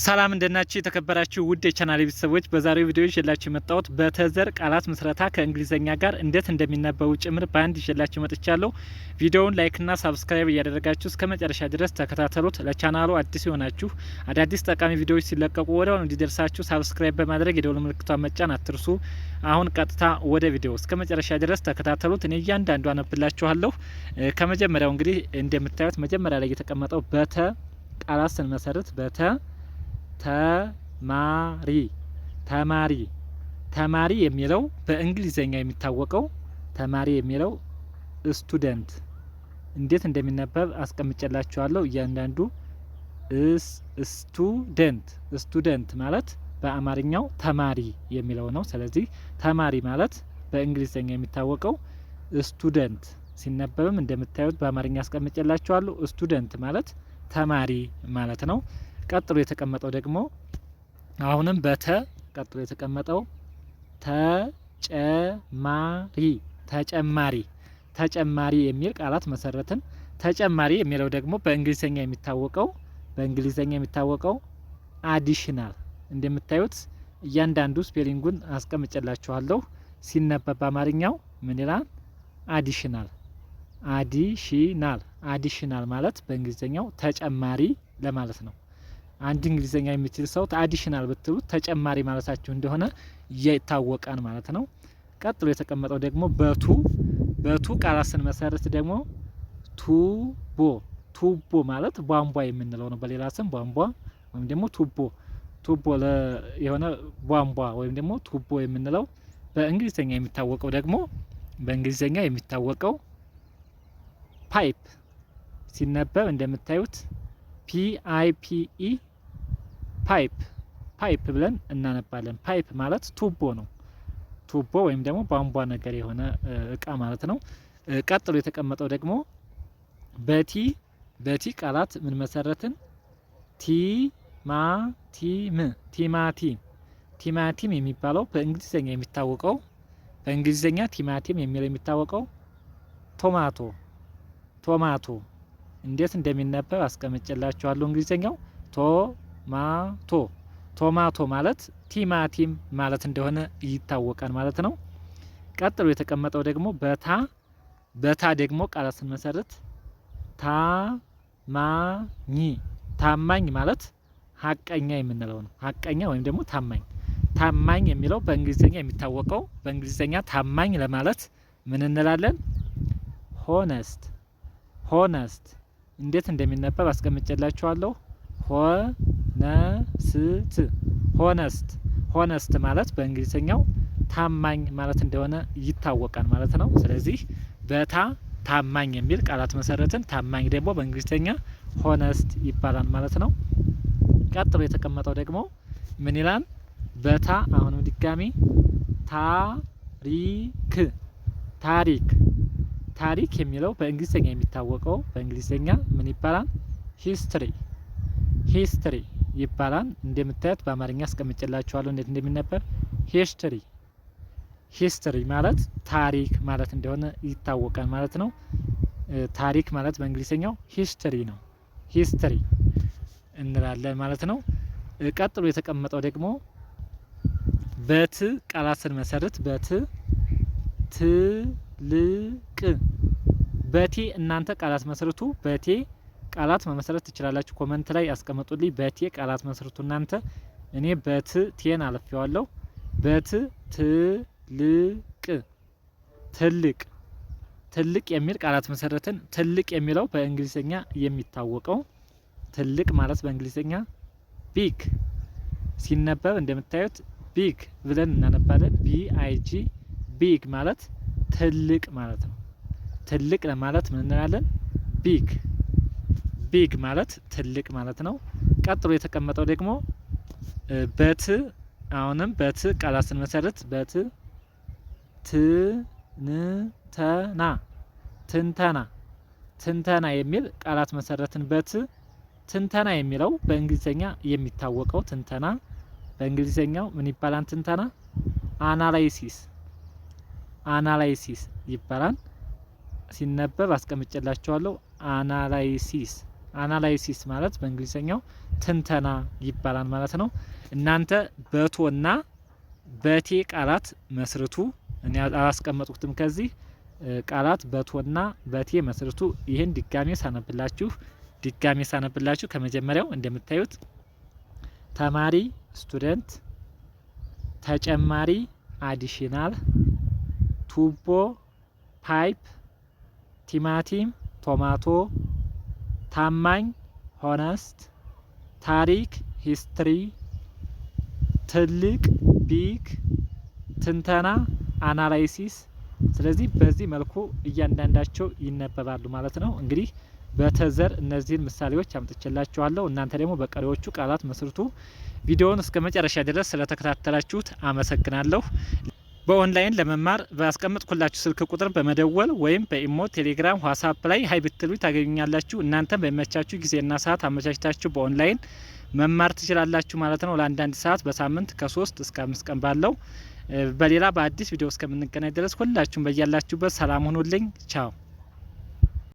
ሰላም እንደናችሁ የተከበራችሁ ውድ የቻናል ቤተሰቦች፣ በዛሬው ቪዲዮ ይዤላችሁ የመጣሁት በተዘር ቃላት ምስረታ ከእንግሊዘኛ ጋር እንዴት እንደሚነበቡ ጭምር በአንድ ይዤላችሁ መጥቻለሁ። ቪዲዮውን ላይክና ሳብስክራይብ እያደረጋችሁ እስከ መጨረሻ ድረስ ተከታተሉት። ለቻናሉ አዲስ የሆናችሁ አዳዲስ ጠቃሚ ቪዲዮዎች ሲለቀቁ ወዲያውኑ እንዲደርሳችሁ ሳብስክራይብ በማድረግ የደወል ምልክቷን መጫን አትርሱ። አሁን ቀጥታ ወደ ቪዲዮ እስከ መጨረሻ ድረስ ተከታተሉት። እኔ እያንዳንዱ አነብላችኋለሁ። ከመጀመሪያው እንግዲህ እንደምታዩት መጀመሪያ ላይ የተቀመጠው በተ ቃላት ስንመሰርት በተ ተማሪ ተማሪ ተማሪ የሚለው በእንግሊዘኛ የሚታወቀው ተማሪ የሚለው ስቱደንት እንዴት እንደሚነበብ አስቀምጨላችኋለሁ። እያንዳንዱ ስቱደንት ስቱደንት ማለት በአማርኛው ተማሪ የሚለው ነው። ስለዚህ ተማሪ ማለት በእንግሊዘኛ የሚታወቀው ስቱደንት ሲነበብም እንደምታዩት በአማርኛ አስቀምጨላችኋለሁ። ስቱደንት ማለት ተማሪ ማለት ነው። ቀጥሎ የተቀመጠው ደግሞ አሁንም በተ ቀጥሎ የተቀመጠው ተጨማሪ ተጨማሪ ተጨማሪ የሚል ቃላት መሰረትን። ተጨማሪ የሚለው ደግሞ በእንግሊዘኛ የሚታወቀው በእንግሊዘኛ የሚታወቀው አዲሽናል። እንደምታዩት እያንዳንዱ ስፔሊንጉን አስቀምጨላችኋለሁ። ሲነበብ በአማርኛው ምን ይላል? አዲሽናል አዲሽናል አዲሽናል ማለት በእንግሊዘኛው ተጨማሪ ለማለት ነው። አንድ እንግሊዘኛ የሚችል ሰው አዲሽናል ብትሉት ተጨማሪ ማለታችሁ እንደሆነ ይታወቃል ማለት ነው። ቀጥሎ የተቀመጠው ደግሞ በቱ በቱ ቃላት ስንመሰርት ደግሞ ቱቦ ቱቦ ማለት ቧንቧ የምንለው ነው። በሌላ ስም ቧንቧ ወይም ደግሞ ቱቦ ቱቦ የሆነ ቧንቧ ወይም ደግሞ ቱቦ የምንለው በእንግሊዘኛ የሚታወቀው ደግሞ በእንግሊዘኛ የሚታወቀው ፓይፕ ሲነበብ እንደምታዩት ፒ አይ ፒ ኢ ፓይፕ ፓይፕ ብለን እናነባለን። ፓይፕ ማለት ቱቦ ነው። ቱቦ ወይም ደግሞ ቧንቧ ነገር የሆነ እቃ ማለት ነው። ቀጥሎ የተቀመጠው ደግሞ በቲ በቲ ቃላት ምን መሰረትን? ቲማቲም ቲማቲም ቲማቲም የሚባለው በእንግሊዝኛ የሚታወቀው በእንግሊዝኛ ቲማቲም የሚለው የሚታወቀው ቶማቶ ቶማቶ እንዴት እንደሚነበብ አስቀምጬላችኋለሁ። እንግሊዝኛው ቶ ማቶ ቶማቶ ማለት ቲማቲም ማለት እንደሆነ ይታወቃል ማለት ነው። ቀጥሎ የተቀመጠው ደግሞ በታ በታ ደግሞ ቃላት ስንመሰርት ታማኝ ታማኝ ማለት ሀቀኛ የምንለው ነው። ሀቀኛ ወይም ደግሞ ታማኝ ታማኝ የሚለው በእንግሊዝኛ የሚታወቀው በእንግሊዝኛ ታማኝ ለማለት ምን እንላለን? ሆነስት ሆነስት እንዴት እንደሚነበብ አስቀምጨላችኋለሁ። ሆ ነስት ሆነስት ሆነስት ማለት በእንግሊዝኛው ታማኝ ማለት እንደሆነ ይታወቃል ማለት ነው። ስለዚህ በታ ታማኝ የሚል ቃላት መሰረትን፣ ታማኝ ደግሞ በእንግሊዝኛ ሆነስት ይባላል ማለት ነው። ቀጥሎ የተቀመጠው ደግሞ ምን ይላል? በታ አሁንም ድጋሚ ታሪክ ታሪክ ታሪክ የሚለው በእንግሊዝኛ የሚታወቀው በእንግሊዝኛ ምን ይባላል? ሂስትሪ ሂስትሪ ይባላል። እንደምታዩት በአማርኛ አስቀምጬላችኋለሁ እንዴት እንደሚነበብ ሂስትሪ ሂስትሪ ማለት ታሪክ ማለት እንደሆነ ይታወቃል ማለት ነው። ታሪክ ማለት በእንግሊዝኛው ሂስትሪ ነው። ሂስትሪ እንላለን ማለት ነው። ቀጥሎ የተቀመጠው ደግሞ በት ቃላት ስንመሰርት በት ትልቅ በቴ እናንተ ቃላት መስርቱ በቴ ቃላት መመሰረት ትችላላችሁ። ኮመንት ላይ አስቀምጡልኝ። በቴ ቃላት መስርቱ እናንተ። እኔ በት ቴን አልፌዋለሁ። በት ትልቅ ትልቅ ትልቅ የሚል ቃላት መሰረትን። ትልቅ የሚለው በእንግሊዝኛ የሚታወቀው ትልቅ ማለት በእንግሊዝኛ ቢግ ሲነበብ እንደምታዩት ቢግ ብለን እናነባለን። ቢ አይ ጂ ቢግ ማለት ትልቅ ማለት ነው። ትልቅ ለማለት ምን እንላለን? ቢግ ቢግ ማለት ትልቅ ማለት ነው። ቀጥሎ የተቀመጠው ደግሞ በት አሁንም በት ቃላት ስንመሰርት በት ትንተና ትንተና ትንተና የሚል ቃላት መሰረትን በት ትንተና የሚለው በእንግሊዝኛ የሚታወቀው ትንተና በእንግሊዝኛው ምን ይባላል? ትንተና አናላይሲስ አናላይሲስ ይባላል። ሲነበብ አስቀምጨላችኋለሁ። አናላይሲስ አናላይሲስ ማለት በእንግሊዝኛው ትንተና ይባላል ማለት ነው። እናንተ በቶና በቴ ቃላት መስርቱ። እኔ አላስቀመጥኩትም ከዚህ ቃላት በቶና በቴ መስርቱ። ይህን ድጋሜ ሳነብላችሁ ድጋሜ ሳነብላችሁ ከመጀመሪያው እንደምታዩት ተማሪ ስቱደንት፣ ተጨማሪ አዲሽናል፣ ቱቦ፣ ፓይፕ፣ ቲማቲም፣ ቶማቶ ታማኝ ሆነስት ታሪክ ሂስትሪ ትልቅ ቢግ ትንተና አናላይሲስ ስለዚህ በዚህ መልኩ እያንዳንዳቸው ይነበባሉ ማለት ነው። እንግዲህ በተዘር እነዚህን ምሳሌዎች አምጥቼላችኋለሁ። እናንተ ደግሞ በቀሪዎቹ ቃላት መስርቱ። ቪዲዮውን እስከ መጨረሻ ድረስ ስለተከታተላችሁት አመሰግናለሁ። በኦንላይን ለመማር ባስቀመጥኩላችሁ ስልክ ቁጥር በመደወል ወይም በኢሞ፣ ቴሌግራም፣ ዋትሳፕ ላይ ሀይ ብትሉ ታገኙኛላችሁ። እናንተ በሚመቻችሁ ጊዜና ሰዓት አመቻችታችሁ በኦንላይን መማር ትችላላችሁ ማለት ነው። ለአንዳንድ ሰዓት በሳምንት ከሶስት እስከ አምስት ቀን ባለው። በሌላ በአዲስ ቪዲዮ እስከምንገናኝ ድረስ ሁላችሁም በያላችሁበት ሰላም ሁኑልኝ። ቻው